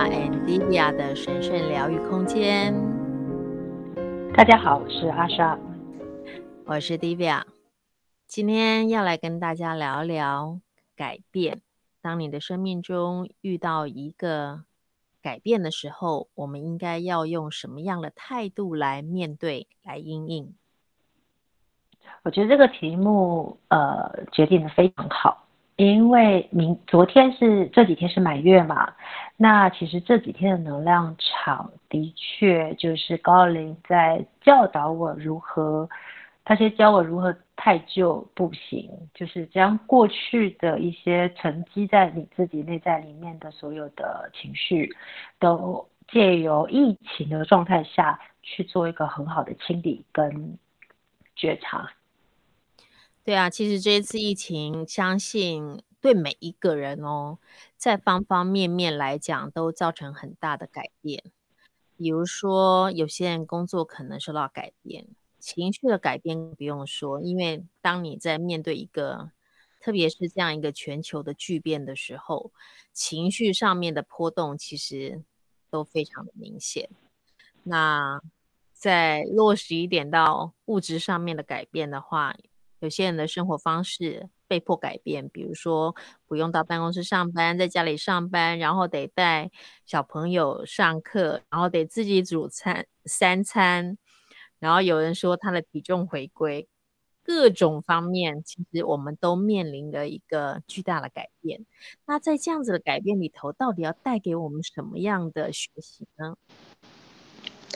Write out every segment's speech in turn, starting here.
Asha and Divya 的神聖療癒空間，大家好，我是阿莎，我是 Divya，今天要來跟大家聊聊改變。當你的生命中遇到一個改變的時候，我們應該要用什麼樣的態度來面對、來因應。我覺得這個題目呃決定得非常好，因為明昨天是這幾天是滿月嘛。那其實這幾天的能量場的確就是高靈在教導我如何，他先教我如何汰舊布新，就是將過去的一些沉積在你自己內在裡面的所有的情緒，都借由疫情的狀態下去做一個很好的清理跟覺察。對啊，其實這一次疫情，相信。對每一個人哦，在方方面面來講都造成很大的改變。比如說，有些人工作可能受到改變，情緒的改變不用說，因為當你在面對一個，特別是這樣一個全球的巨變的時候，情緒上面的波動其實都非常的明顯。那在落實一點到物質上面的改變的話，有些人的生活方式。被迫改變，比如說不用到辦公室上班，在家裡上班，然後得帶小朋友上課，然後得自己煮餐三餐，然後有人說他的體重回歸，各種方面，其實我們都面臨了一個巨大的改變。那在這樣子的改變裡頭，到底要帶給我們什麼樣的學習呢？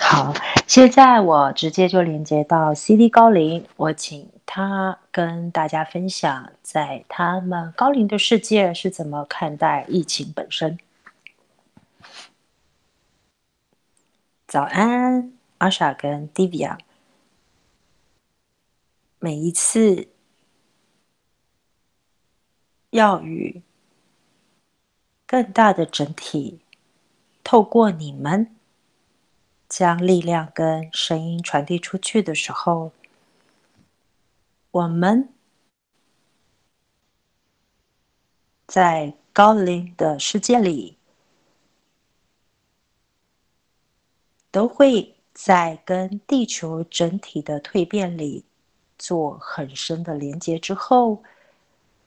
好，現在我直接就連接到 CD 高靈，我請他跟大家分享，在他們高靈的世界是怎麼看待疫情本身。早安，阿莎跟 Divya，每一次要與更大的整體透過你們將力量跟聲音傳遞出去的時候，我們在高靈的世界裡，都會在跟地球整體的蛻變裡做很深的連接之後，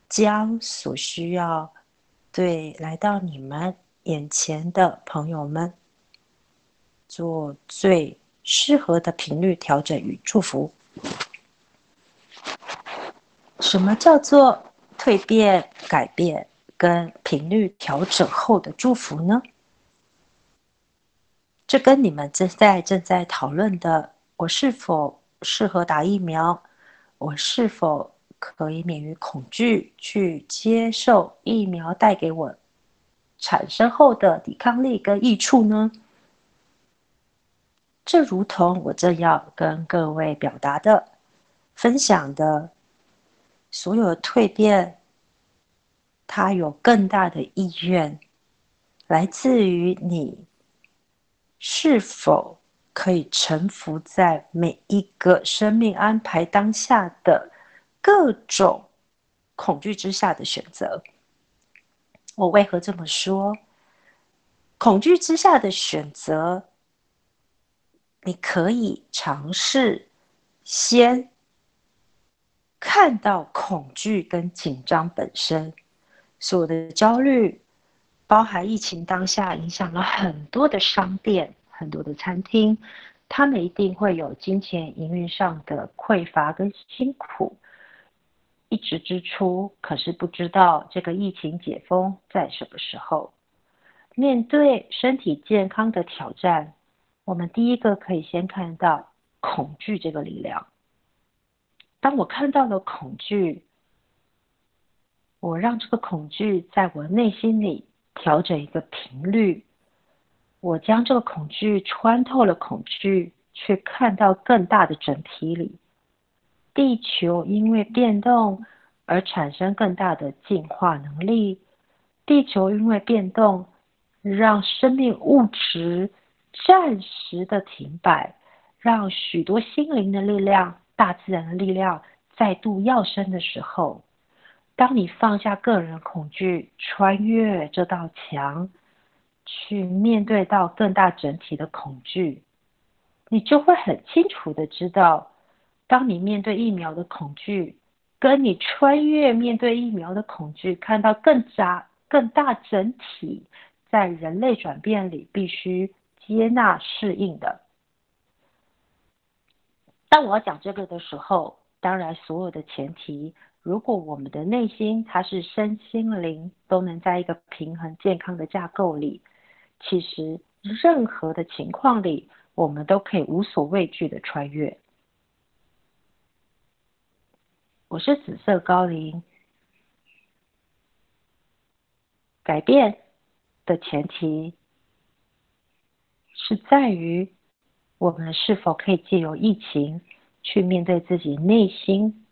將所需要對來到你們眼前的朋友們，做最適合的頻率調整與祝福。什麼叫做蛻變、改變跟頻率調整後的祝福呢？這跟你們正在正在討論的，我是否適合打疫苗？我是否可以免於恐懼去接受疫苗帶給我產生後的抵抗力跟益處呢？這如同我正要跟各位表達的、分享的，所有的蛻變，它有更大的意願，來自於你是否可以臣服在每一個生命安排當下的各種恐懼之下的選擇。我為何這麼說？恐懼之下的選擇。你可以嘗試，先看到恐懼跟緊張本身，所有的焦慮，包含疫情當下影響了很多的商店、很多的餐廳，他們一定會有金錢營運上的匱乏跟辛苦，一直支出，可是不知道這個疫情解封在什麼時候，面對身體健康的挑戰。我們第一個可以先看到恐懼這個力量。當我看到了恐懼，我讓這個恐懼在我內心裡調整一個頻率，我將這個恐懼穿透了恐懼，去看到更大的整體裡。地球因為變動而產生更大的進化能力，地球因為變動讓生命物質。暫時的停擺，讓許多心靈的力量、大自然的力量再度躍升的時候，當你放下個人恐懼，穿越這道牆，去面對到更大整體的恐懼，你就會很清楚的知道，當你面對疫苗的恐懼，跟你穿越面對疫苗的恐懼，看到更加更大整體在人類轉變裡必須。接納適應的。當我要講這個的時候，當然所有的前提，如果我們的內心它是身心靈都能在一個平衡健康的架構裡，其實任何的情況裡，我們都可以無所畏懼的穿越。我是紫色高靈，改變的前提，是在於我們是否可以借由疫情去面對自己內心，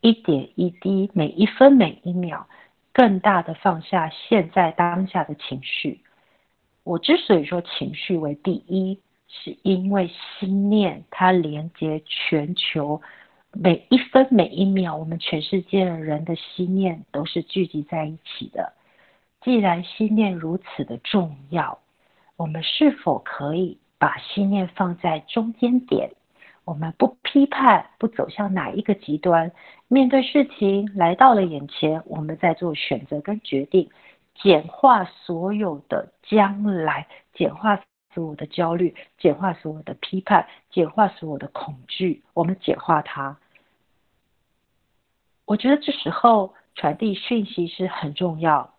一點一滴，每一分每一秒，更大的放下現在當下的情緒。我之所以說情緒為第一，是因為心念它連接全球，每一分每一秒我們全世界的人的心念都是聚集在一起的。既然心念如此的重要。我們是否可以把信念，放在中間點？我們不批判，不走向哪一個極端。面對事情來到了眼前，我們在做選擇跟決定，簡化所有的將來，簡化所有的焦慮，簡化所有的批判，簡化所有的恐懼。我們簡化它。我覺得這時候傳遞訊息是很重要。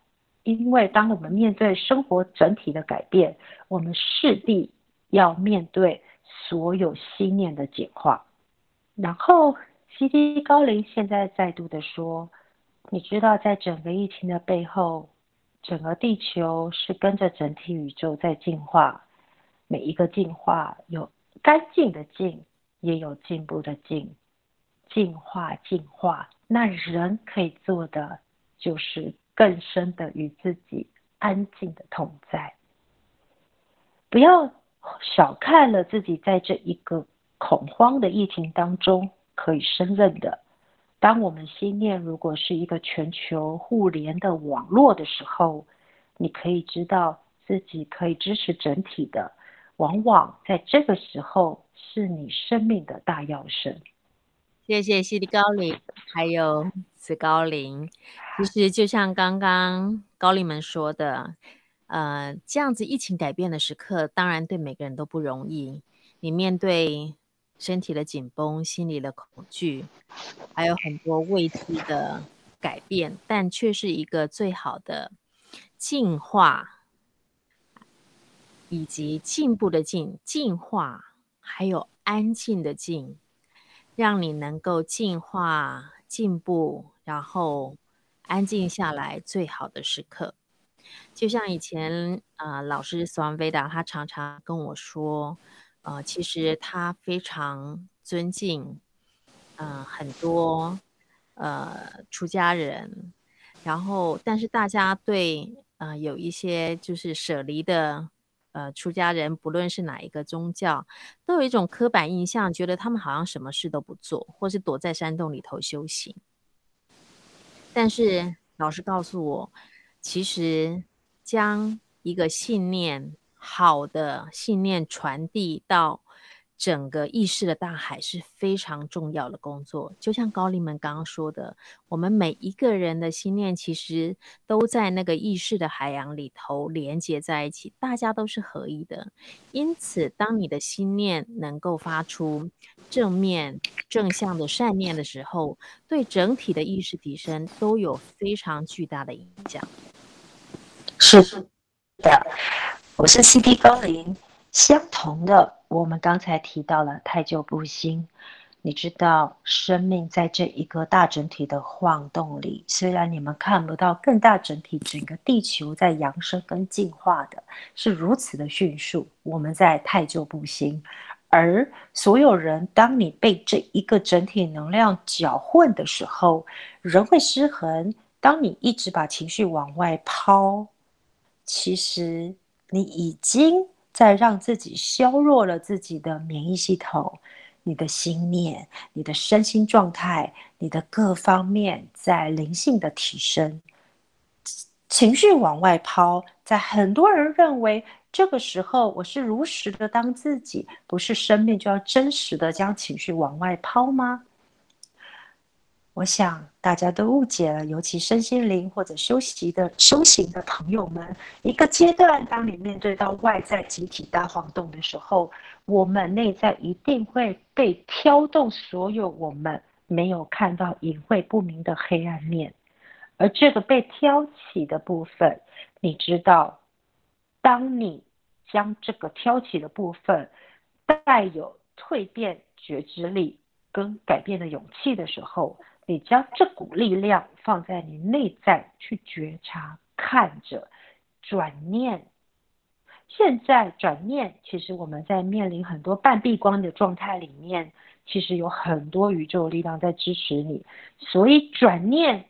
因為當我們面對生活整體的改變，我們勢必要面對所有信念的簡化。然後，C.D. 高靈現在再度的說，你知道，在整個疫情的背後，整個地球是跟着整體宇宙在進化。每一個進化有乾淨的淨，也有進步的進，進化，進化。那人可以做的就是。更深的與自己安靜的同在，不要小看了自己在這一個恐慌的疫情當中可以勝任的。當我們心念如果是一個全球互聯的網絡的時候，你可以知道自己可以支持整體的，往往在這個時候是你生命的大躍升。謝謝西迪高靈，還有紫高靈。其實就像剛剛高靈們說的，呃，這樣子疫情改變的時刻，當然對每個人都不容易。你面對身體的緊繃、心理的恐懼，還有很多未知的改變，但卻是一個最好的進化，以及進步的進淨化，還有安靜的靜。讓你能夠進化、進步，然後安靜下來，最好的時刻。就像以前啊、呃，老師斯瓦米韋達，他常常跟我說，呃，其實他非常尊敬，嗯、呃，很多呃出家人，然後但是大家對啊、呃，有一些就是捨離的。呃，出家人，不論是哪一個宗教，都有一種刻板印象，覺得他們好像什麼事都不做，或是躲在山洞裡頭修行。但是老師告訴我，其實將一個信念，好的信念傳遞到。整個意識的大海是非常重要的工作，就像高靈們剛剛說的，我們每一個人的心念其實都在那個意識的海洋裡頭連接在一起，大家都是合一的。因此，當你的心念能夠發出正面、正向的善念的時候，對整體的意識提升都有非常巨大的影響。是，是的，我是 CD 高靈。相同的，我們剛才提到了汰舊佈新。你知道，生命在這一個大整體的晃動裡，雖然你們看不到更大整體，整個地球在揚升跟進化的是如此的迅速。我們在汰舊佈新，而所有人，當你被這一個整體能量攪混的時候，人會失衡。當你一直把情緒往外拋，其實你已經在讓自己削弱了自己的免疫系統，你的心念、你的身心狀態、你的各方面在靈性的提升，情緒往外拋，在很多人認為這個時候，我是如實的當自己，不是生命，就要真實的將情緒往外拋嗎？我想大家都誤解了，尤其身心靈或者修習的、修行的朋友們，一個階段，當你面對到外在集體大晃動的時候，我們內在一定會被挑動，所有我們沒有看到隱晦不明的黑暗面，而這個被挑起的部分，你知道，當你將這個挑起的部分帶有蛻變覺知力。跟改變的勇氣的時候，你將這股力量放在你內在去覺察，看著，轉念。現在轉念，其實我們在面臨很多半閉關的狀態裡面，其實有很多宇宙力量在支持你。所以轉念，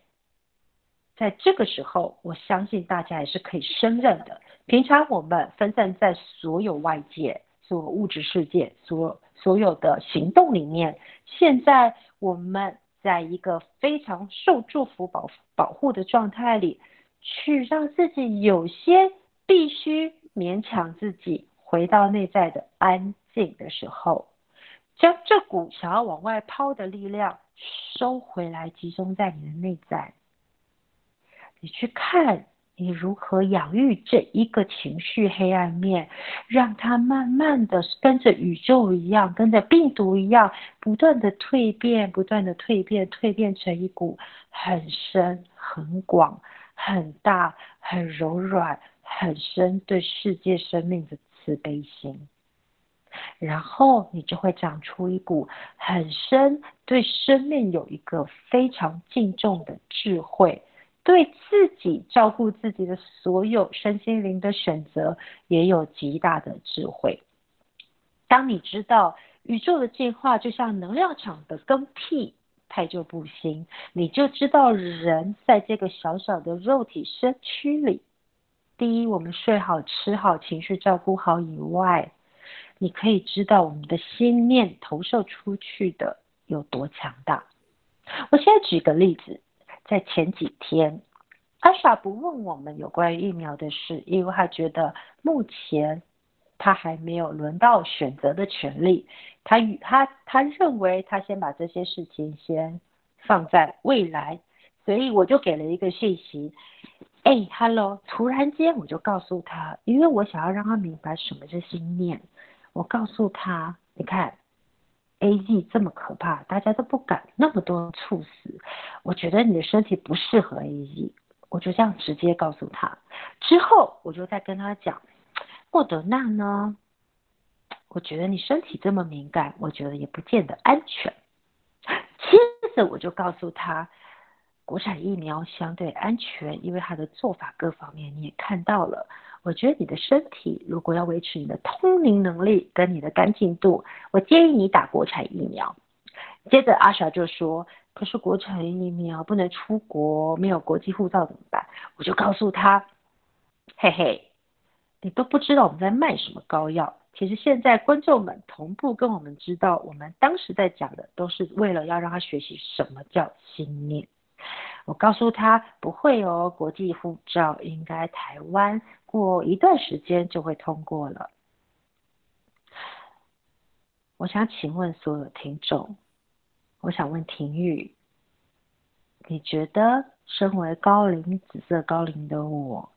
在這個時候，我相信大家也是可以勝任的。平常我們分散在所有外界，所有物質世界，所有。所有的行動裡面，現在我們在一個非常受祝福保保護的狀態裡，去讓自己有些必須勉強自己回到內在的安靜的時候，將這股想要往外拋的力量收回來，集中在你的內在。你去看。你如何養育這一個情緒黑暗面，讓它慢慢的跟着宇宙一樣，跟着病毒一樣，不斷的蛻變，不斷的蛻變，蛻變成一股很深、很廣、很大、很柔軟、很深對世界生命的慈悲心，然後你就會長出一股很深對生命有一個非常敬重的智慧。對自己照顧自己的所有身心靈的選擇，也有極大的智慧。當你知道宇宙的進化就像能量場的更替，汰舊布新。你就知道人在這個小小的肉體身軀裡，第一，我們睡好吃好，情緒照顧好以外，你可以知道我們的心念投射出去的有多強大。我現在舉個例子。在前幾天，Asha 不問我們有關於疫苗的事，因為他覺得目前他還沒有輪到選擇的權利。他與他他認為他先把這些事情先放在未來，所以我就給了一個訊息：哎哈嘍，hello, 突然間我就告訴他，因為我想要讓他明白什麼是心念。我告訴他，你看。A E 這麼可怕，大家都不敢，那麼多猝死。我覺得你的身體不適合 A E，我就這樣直接告訴他。之後我就再跟他講，莫德納呢，我覺得你身體這麼敏感，我覺得也不見得安全。接着我就告訴他。國產疫苗相對安全，因為它的做法各方面你也看到了。我覺得你的身體如果要維持你的通靈能力跟你的乾淨度，我建議你打國產疫苗。接着阿莎就說：“可是國產疫苗不能出國，沒有國際護照怎麼辦？”我就告訴他：“嘿嘿，你都不知道我們在賣什麼膏藥。其實現在觀眾們同步跟我們知道，我們當時在講的都是為了要讓他學習什麼叫心念。”我告訴他不會哦，國際護照應該台灣過一段時間就會通過了。我想請問所有聽眾，我想問庭玉，你覺得身為高靈紫色高靈的我，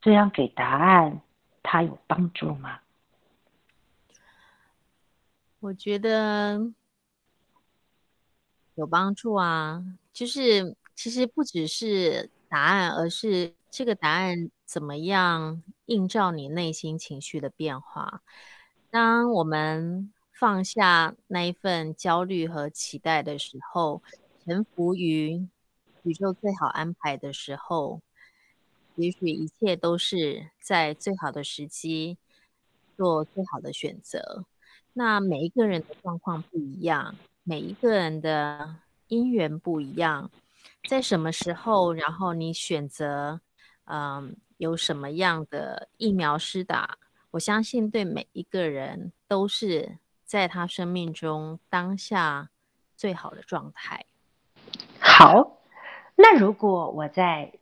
這樣給答案，他有幫助嗎？我覺得有幫助啊，就是。其實不只是答案，而是這個答案怎麼樣映照你內心情緒的變化。當我們放下那一份焦慮和期待的時候，臣服於宇宙最好安排的時候，也許一切都是在最好的時機做最好的選擇。那每一個人的狀況不一樣，每一個人的因緣不一樣。在什麼時候，然後你選擇，嗯，有什麼樣的疫苗施打？我相信對每一個人都是在他生命中當下最好的狀態。好，那如果我再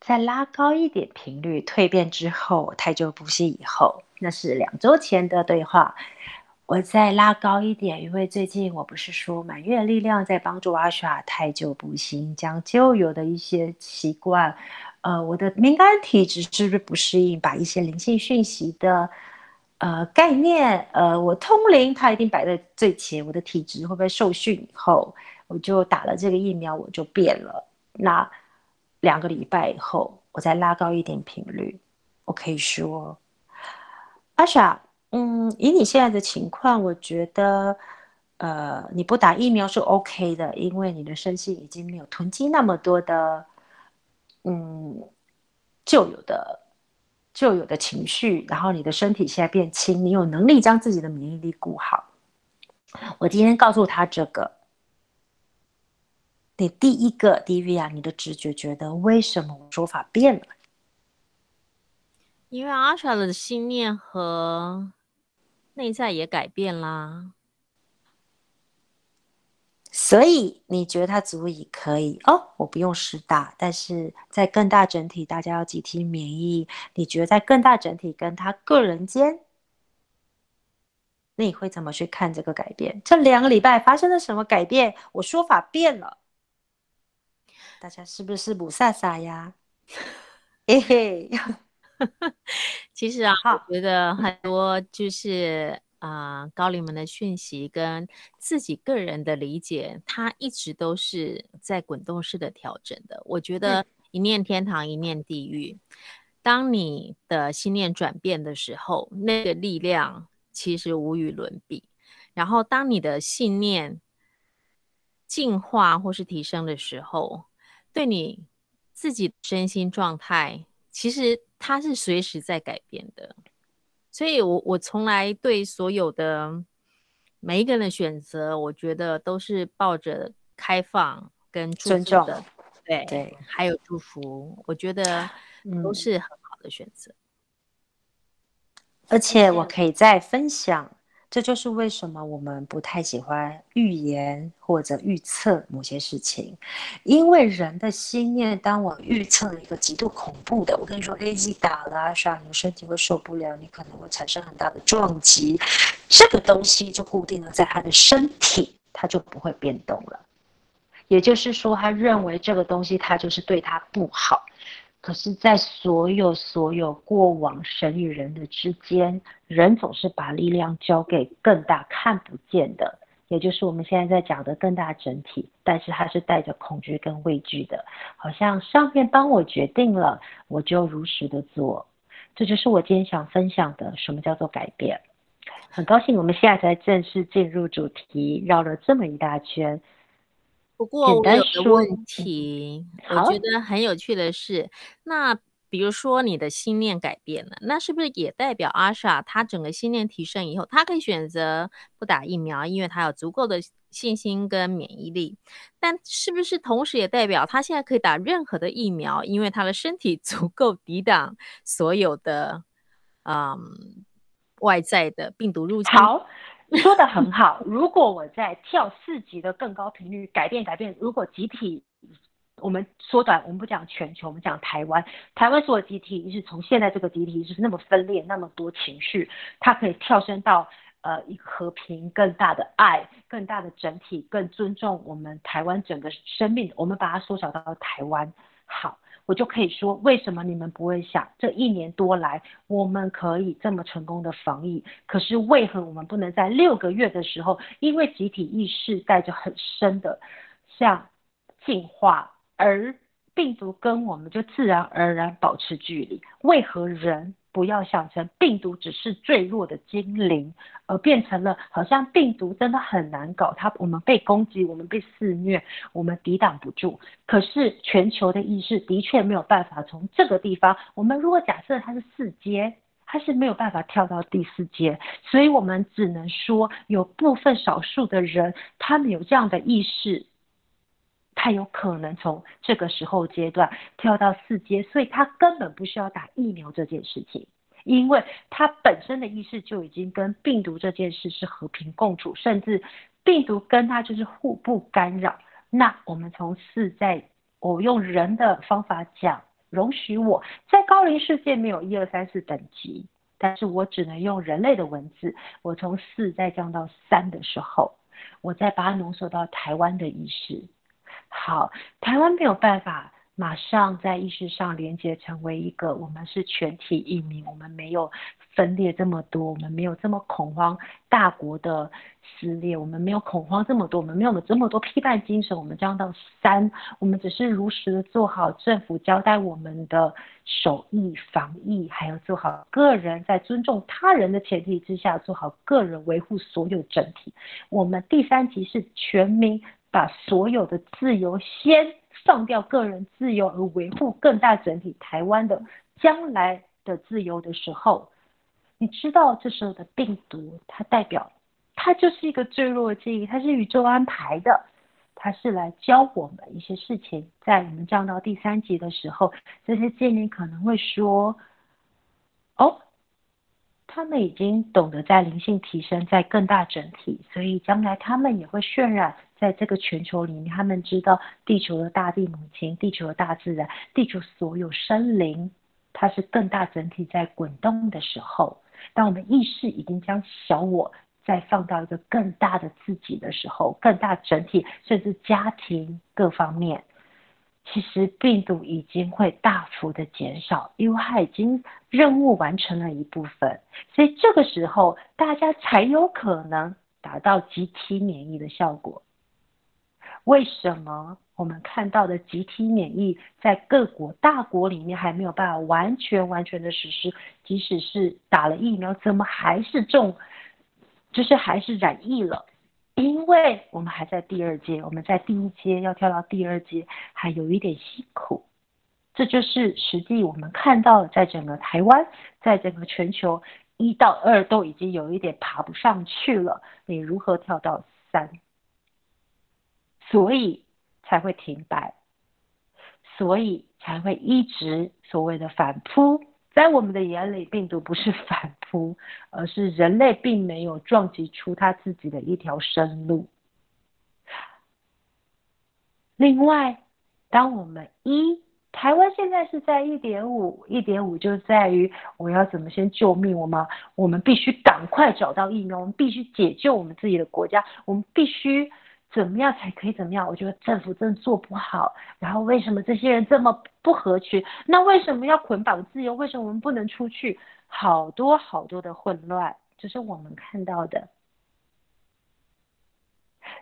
再拉高一點頻率，蛻變之後太久不息以後，那是兩周前的對話。我再拉高一點，因為最近我不是說滿月力量在幫助阿莎，太久不行。將舊有的一些習慣，呃，我的敏感體質是不是不適應？把一些靈性訊息的，呃，概念，呃，我通靈，它一定擺在最前。我的體質會不會受訓？以後我就打了這個疫苗，我就變了。那兩個禮拜以後，我再拉高一點頻率，我可以說，阿莎。嗯，以你現在的情況，我覺得，呃，你不打疫苗是 OK 的，因為你的身心已經沒有囤積那麼多的，嗯，舊有的、舊有的情緒，然後你的身體現在變輕，你有能力將自己的免疫力顧好。我今天告訴他這個，你第一個，D V R，你的直覺覺得為什麼說法變了？因為阿 s 的信念和，內在也改變啦，所以你覺得他足以可以哦？我不用施打，但是在更大整體，大家要集體免疫。你覺得在更大整體跟他個人間，那你會怎麼去看這個改變？這兩個禮拜發生了什麼改變？我說法變了，大家是不是霧煞煞呀？欸、嘿， 其實啊，我覺得很多就是啊、嗯、呃，高靈們的訊息跟自己個人的理解，他一直都是在滾動式的調整的。我覺得一念天堂，嗯、一念地獄。當你的信念轉變的時候，那個力量其實無與倫比。然後，當你的信念進化或是提升的時候，對你自己的身心狀態。其實它是隨時在改變的，所以我我從來對所有的每一個人的選擇，我覺得都是抱着開放跟尊重的，對對，還有祝福，我覺得都是很好的選擇，嗯，而且我可以再分享。這就是為什麼我們不太喜歡預言或者預測某些事情，因為人的心念。當我預測了一個極度恐怖的，我跟你說 A G 打了，說、啊、你的身體會受不了，你可能會產生很大的撞擊，這個東西就固定了在他的身體，他就不會變動了。也就是說，他認為這個東西，他就是對他不好。可是，在所有所有過往神與人的之間，人總是把力量交給更大看不見的，也就是我們現在在講的更大整體。但是，它是帶着恐懼跟畏懼的，好像上面幫我決定了，我就如實的做。這就是我今天想分享的，什麼叫做改變。很高興，我們現在才正式進入主題，繞了這麼一大圈。不過，我有個問題，我覺得很有趣的是，那比如說你的心念改變了，那是不是也代表阿莎她整個心念提升以後，她可以選擇不打疫苗，因為她有足夠的信心跟免疫力？但是不是同時也代表她現在可以打任何的疫苗，因為她的身體足夠抵擋所有的嗯外在的病毒入侵？好。 說得很好。如果我在跳四級的更高頻率，改變改變。如果集體，我們縮短，我們不講全球，我們講台灣。台灣所有集體一直從現在這個集體，一直就是那麼分裂，那麼多情緒，它可以跳升到呃一個和平、更大的愛、更大的整體、更尊重我們台灣整個生命。我們把它縮小到台灣，好。我就可以說，為什麼你們不會想，這一年多來，我們可以這麼成功的防疫，可是為何我們不能在六個月的時候，因為集體意識帶着很深的像進化，而病毒跟我們就自然而然保持距離？為何人？不要想成病毒只是最弱的精靈，而變成了好像病毒真的很難搞。它，我們被攻擊，我們被肆虐，我們抵擋不住。可是全球的意識的確沒有辦法從這個地方。我們如果假設它是四階，它是沒有辦法跳到第四階，所以我們只能說有部分少數的人，他們有這樣的意識。他有可能從這個時候階段跳到四階，所以他根本不需要打疫苗這件事情，因為他本身的意識就已經跟病毒這件事是和平共處，甚至病毒跟他就是互不干擾。那我們從四在，我用人的方法講，容許我在高靈世界沒有一二三四等級，但是我只能用人類的文字，我從四再降到三的時候，我再把它濃縮到台灣的意識。好，台灣沒有辦法馬上在意識上連結成為一個，我們是全體一民，我們沒有分裂這麼多，我們沒有這麼恐慌，大國的撕裂，我們沒有恐慌這麼多，我們沒有了這麼多批判精神，我們將到三，我們只是如實的做好政府交代我們的守疫、防疫，還有做好個人在尊重他人的前提之下，做好個人維護所有整體，我們第三級是全民。把所有的自由先放掉，個人自由而維護更大整體台灣的將來的自由的時候，你知道這時候的病毒，它代表它就是一個墜落的記憶，它是宇宙安排的，它是來教我們一些事情。在我們降到第三級的時候，這些建議可能會說：“哦，他們已經懂得在靈性提升，在更大整體，所以將來他們也會渲染。”在這個全球裡面，他們知道地球的大地母親、地球的大自然、地球所有生靈，它是更大整體在滾動的時候。當我們意識已經將小我再放到一個更大的自己的時候，更大整體甚至家庭各方面，其實病毒已經會大幅的減少，因為它已經任務完成了一部分，所以這個時候大家才有可能達到集體免疫的效果。為什麼我們看到的集體免疫在各國大國裡面還沒有辦法完全完全的實施？即使是打了疫苗，怎麼還是中，就是還是染疫了？因為我們還在第二階，我們在第一階要跳到第二階，還有一點辛苦。這就是實際我們看到，在整個台灣，在整個全球一到二都已經有一點爬不上去了，你如何跳到三？所以才會停擺，所以才會一直所謂的反撲，在我們的眼裡，病毒不是反撲，而是人類並沒有撞擊出他自己的一條生路。另外，當我們一台灣現在是在一點五，一點五就在於我要怎麼先救命我們，我們必須趕快找到疫苗，我們必須解救我們自己的國家，我們必須。怎麼樣才可以怎麼樣？我覺得政府真的做不好。然後為什麼這些人這麼不合群？那為什麼要捆綁自由？為什麼我們不能出去？好多好多的混亂，這、就是我們看到的。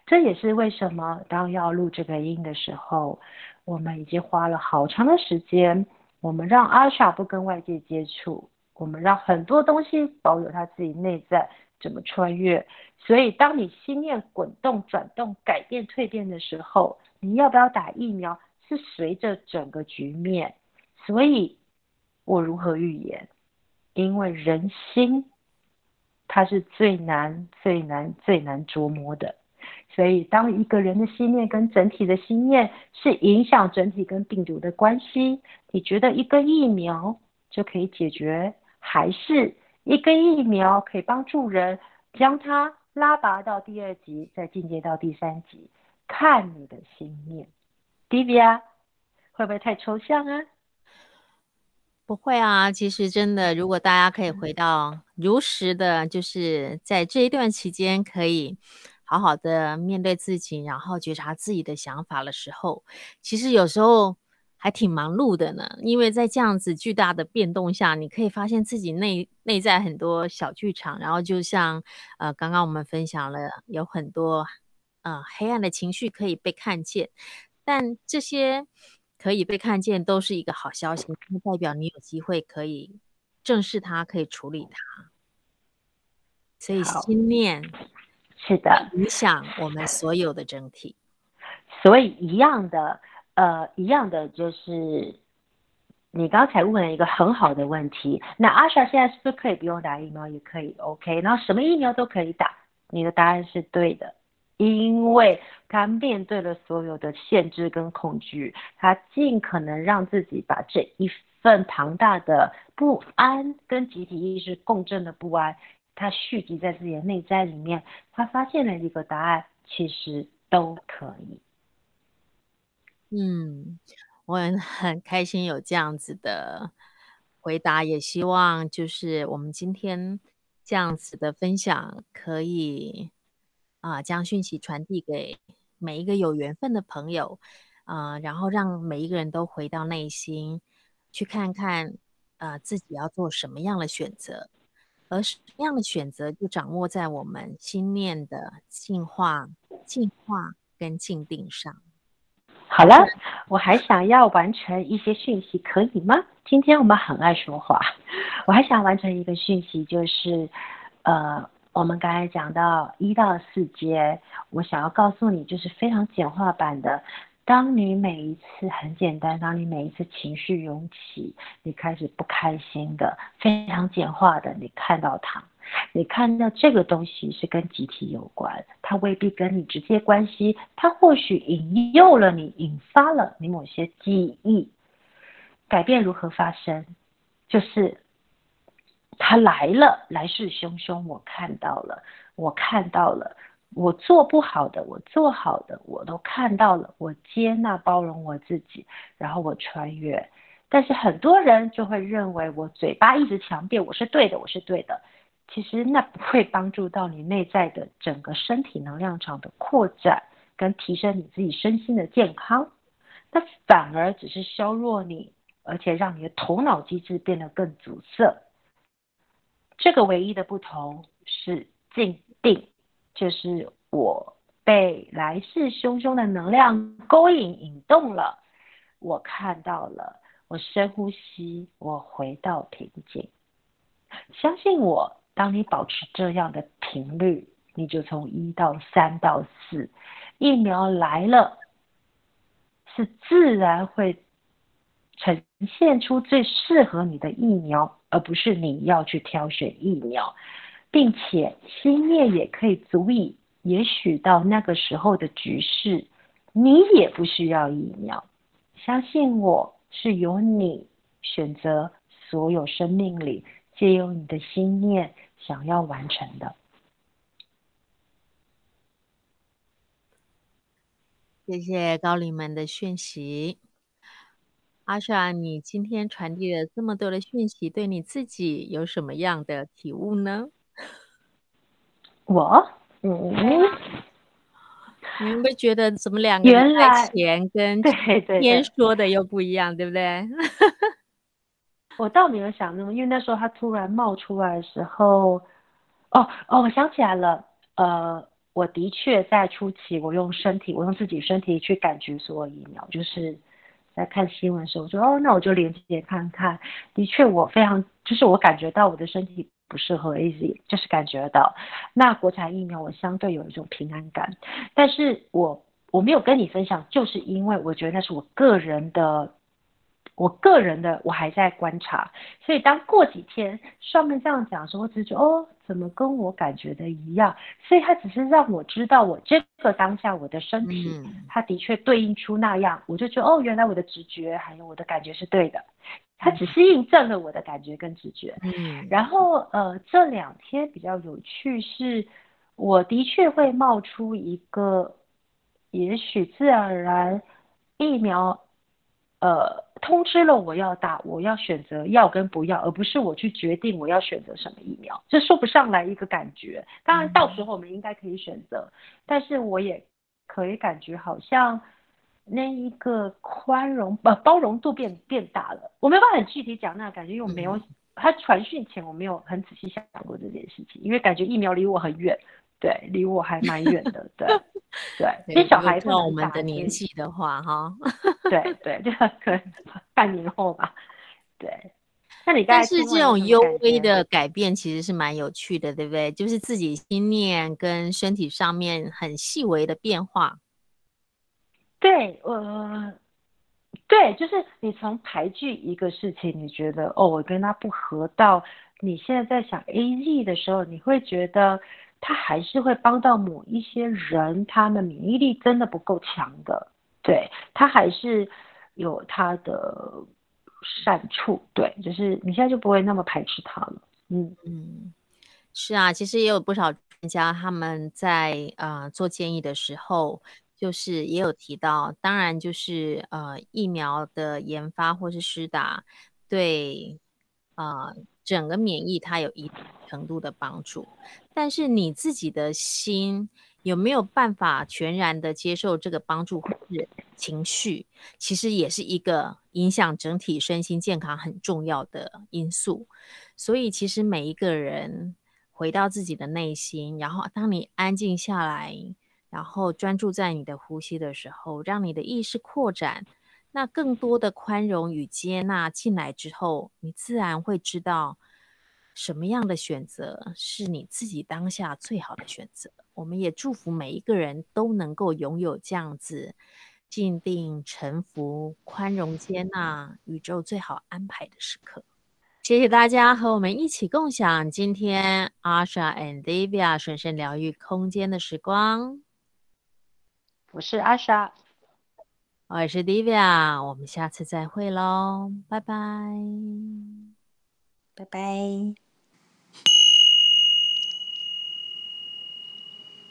這也是為什麼當要錄這個音的時候，我們已經花了好長的時間。我們讓 Asha 不跟外界接觸，我們讓很多東西保有他自己內在。怎麼穿越？所以，當你心念滾動、轉動、改變、蛻變的時候，你要不要打疫苗，是隨着整個局面。所以，我如何預言？因為人心，它是最難、最難、最難琢磨的。所以，當一個人的心念跟整體的心念是影響整體跟病毒的關係，你覺得一個疫苗就可以解決，還是？一根疫苗可以幫助人將它拉拔到第二級，再進階到第三級。看你的心念，Divya，會不會太抽象啊？不會啊，其實真的，如果大家可以回到如實的，就是在這一段期間，可以好好的面對自己，然後覺察自己的想法的時候，其實有時候。還挺忙碌的呢，因為在這樣子巨大的變動下，你可以發現自己內內在很多小劇場，然後就像呃剛剛我們分享了，有很多呃黑暗的情緒可以被看見，但這些可以被看見都是一個好消息，代表你有機會可以正視它，可以處理它。所以心念是的，影響我們所有的整體。所以一樣的。呃，一樣的就是，你剛才問了一個很好的問題。那阿莎現在是不是可以不用打疫苗？也可以，OK？然後什麼疫苗都可以打？你的答案是對的，因為他面對了所有的限制跟恐懼，他盡可能讓自己把這一份龐大的不安跟集體意識共振的不安，他蓄積在自己的內在裡面。他發現了一個答案，其實都可以。嗯，我很開心有這樣子的回答，也希望就是我們今天這樣子的分享，可以啊、呃、將訊息傳遞給每一個有緣分的朋友啊、呃，然後讓每一個人都回到內心去看看啊、呃、自己要做什麼樣的選擇，而什麼樣的選擇就掌握在我們心念的進化、淨化跟靜定上。好了，我還想要完成一些訊息，可以嗎？今天我們很愛說話，我還想完成一個訊息，就是，呃，我們剛才講到一到四階，我想要告訴你，就是非常簡化版的，當你每一次很簡單，當你每一次情緒湧起，你開始不開心的，非常簡化的，你看到它。你看到這個東西是跟集體有關，它未必跟你直接關係，它或許引誘了你，引發了你某些記憶。改變如何發生？就是它來了，來勢洶洶。我看到了，我看到了，我做不好的，我做好的，我都看到了。我接納包容我自己，然後我穿越。但是很多人就會認為我嘴巴一直強辯我是對的，我是對的。其實那不會幫助到你內在的整個身體能量場的擴展跟提升你自己身心的健康，那反而只是削弱你，而且讓你的頭腦機制變得更阻塞。這個唯一的不同是靜定，就是我被來勢洶洶的能量勾引引動了，我看到了，我深呼吸，我回到平靜。相信我。當你保持這樣的頻率，你就從一到三到四，疫苗來了，是自然會呈現出最適合你的疫苗，而不是你要去挑選疫苗，並且心念也可以足以，也許到那個時候的局勢，你也不需要疫苗。相信我，是由你選擇，所有生命裡借由你的心念，想要完成的。謝謝高靈們的訊息，阿莎，你今天傳遞了這麼多的訊息，對你自己有什麼樣的體悟呢？我，嗯，嗯，你們不覺得怎麼兩個人原來跟天說的又不一樣，對，對，對，對不對？ 我倒沒有想那麼，因為那時候它突然冒出來的時候，哦哦，我想起來了，呃，我的確在初期，我用身體，我用自己身體去感覺所有疫苗，就是在看新聞的時候，我說哦，那我就連接看看，的確，我非常就是我感覺到我的身體不適合 AZ，就是感覺到，那國產疫苗我相對有一種平安感，但是我我沒有跟你分享，就是因為我覺得那是我個人的。我個人的，我還在觀察，所以當過幾天上面這樣講的時候，我只覺得哦，怎麼跟我感覺的一樣？所以他只是讓我知道我這個當下我的身體，他、嗯、的確對應出那樣，我就覺得哦，原來我的直覺還有我的感覺是對的，他只是印證了我的感覺跟直覺。嗯，然後呃這兩天比較有趣是，我的確會冒出一個，也許自然而然疫苗呃。通知了我要打，我要選擇要跟不要，而不是我去決定我要選擇什麼疫苗，這說不上來一個感覺。當然到時候我們應該可以選擇，嗯、但是我也可以感覺好像那一個寬容啊，包容度變變大了。我沒有辦法很具體講那感覺，因為我沒有他傳訊前我沒有很仔細想過這件事情，因為感覺疫苗離我很遠。對，離我還蠻遠的。 對，對，那為小孩子，我們的年紀的話，哈 呵呵，對對，就可能半年後吧，對。那你，你感覺但是這種幽微的改變其實是蠻有趣的，對不對？就是自己心念跟身體上面很細微的變化。對，我、呃，對，就是你從排拒一個事情，你覺得哦，我跟他不合到，到你現在在想 A E 的時候，你會覺得。他還是會幫到某一些人，他的免疫力真的不夠強的，對，他還是有他的善處，對，就是你現在就不會那麼排斥他了，嗯嗯，是啊，其實也有不少專家他們在呃做建議的時候，就是也有提到，當然就是呃疫苗的研發或是施打，對，啊，呃。整個免疫，它有一定程度的幫助，但是你自己的心有沒有辦法全然的接受這個幫助或是情緒，其實也是一個影響整體身心健康很重要的因素。所以其實每一個人回到自己的內心，然後當你安靜下來，然後專注在你的呼吸的時候，讓你的意識擴展。那更多的寬容與接納進來之後，你自然會知道什麼樣的選擇是你自己當下最好的選擇。我們也祝福每一個人都能夠擁有這樣子靜定、臣服、寬容、接納宇宙最好安排的時刻。謝謝大家和我們一起共享今天 Asha and Divya 神聖療癒空間的時光。我是阿莎。我是 Divya，我們下次再會嘍，拜拜，拜拜。